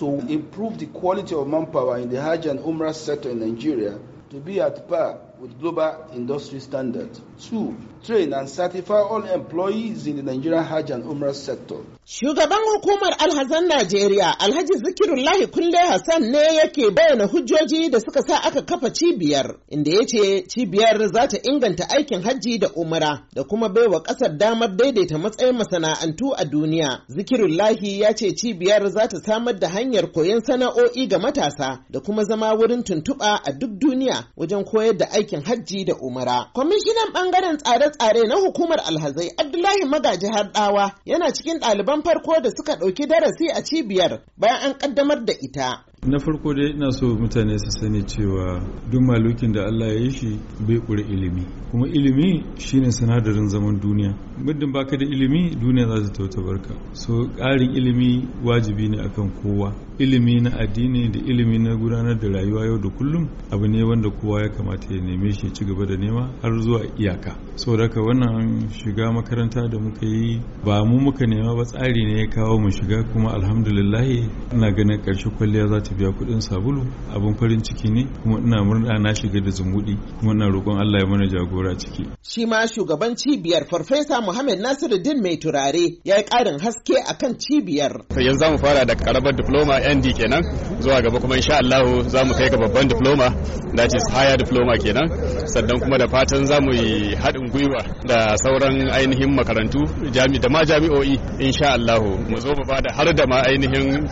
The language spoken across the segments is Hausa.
to improve the quality of manpower in the Hajj and Umrah sector in Nigeria to be at par with global industry standards. Two, train and certify all employees in the Nigerian Hajj and Umrah sector. Shugaban hukumar alhazan Najeriya Alhaji Zikirullahi Kulle Hassan ne yake bayyana hujjoji da suka sa aka kafa cibiyar inda ya ce cibiyar za ta inganta aikin hajji da umara da kuma baiwa ƙasar damar daidaita matsayin masana'antu a duniya. Zikirullahi ya ce cibiyar za ta samar da hanyar koyon sana'o'i ga matasa da kuma zama wurin tuntuɓa a duk duniya wajen koyar da aikin aikin hajji da umara. Kwamishinan bangaren tsare-tsare na hukumar alhazai Abdullahi Magaji Harɗawa yana cikin ɗaliban farko da suka ɗauki darasi a cibiyar bayan an ƙaddamar da ita. na farko dai ina so mutane su sani cewa duk malukin da Allah ya yi shi bai kure ilimi kuma ilimi shine sinadarin zaman duniya muddin baka da ilimi duniya za ta tauta barka so ƙarin ilimi wajibi ne akan kowa ilimi na addini da ilimi na gudanar da rayuwa yau da kullum abu ne wanda kowa ya kamata ya neme shi ci gaba da nema har zuwa iyaka saboda haka wannan shiga makaranta da muka yi ba mu muka nema ba tsari ne ya kawo mu shiga kuma alhamdulillahi ina ganin karshe kwalliya za ta biya kuɗin sabulu abin farin ciki ne kuma ina murna na shiga da zumudi kuma ina roƙon Allah ya mana jagora ciki shi ma shugaban cibiyar farfesa Muhammad Nasiruddin mai turare ya yi ƙarin haske akan cibiyar yanzu za mu fara da karabar diploma ND kenan zuwa gaba kuma insha Allah za mu kai ga babban diploma that is higher diploma kenan sannan kuma da fatan za mu yi haɗin gwiwa da sauran ainihin makarantu da ma jami'o'i insha Allah mu zo mu bada har da ma ainihin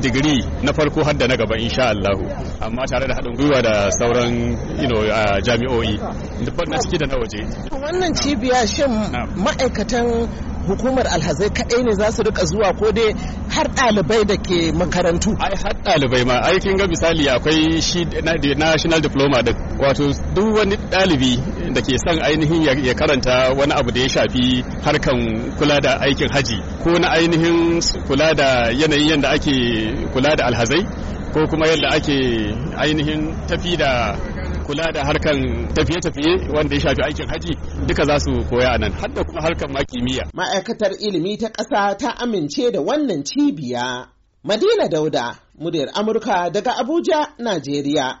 digiri na farko har da na gaba insha Allah amma tare da haɗin gwiwa da sauran jami'o'i duk na ciki da na waje wannan cibiya shin ma'aikatan hukumar alhazai kaɗai ne za su rika zuwa ko dai har ɗalibai da ke makarantu ai har ɗalibai ma ai kin ga misali akwai shi national diploma da wato duk wani ɗalibi da ke son ainihin ya karanta wani abu da ya shafi harkan kula da aikin haji ko na ainihin kula da yanayin yadda ake kula da alhazai ko kuma yadda ake ainihin tafi da kula da harkan tafiye-tafiye wanda ya shafi aikin haji duka za su koya nan har da kuma harkan ma Ma'aikatar ilimi ta ƙasa ta amince da wannan cibiya. Madina Dauda, muryar Amurka daga Abuja, Najeriya.